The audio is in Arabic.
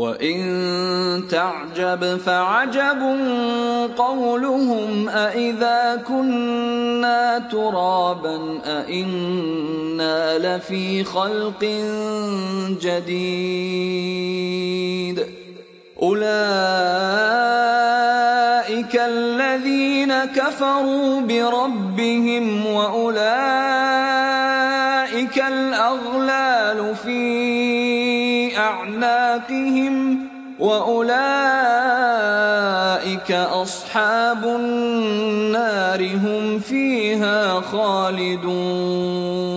وإن تعجب فعجب قولهم أإذا كنا ترابا أإنا لفي خلق جديد أولئك الذين كفروا بربهم وأولئك الأغلال فيه أعناقهم وأولئك أصحاب النار هم فيها خالدون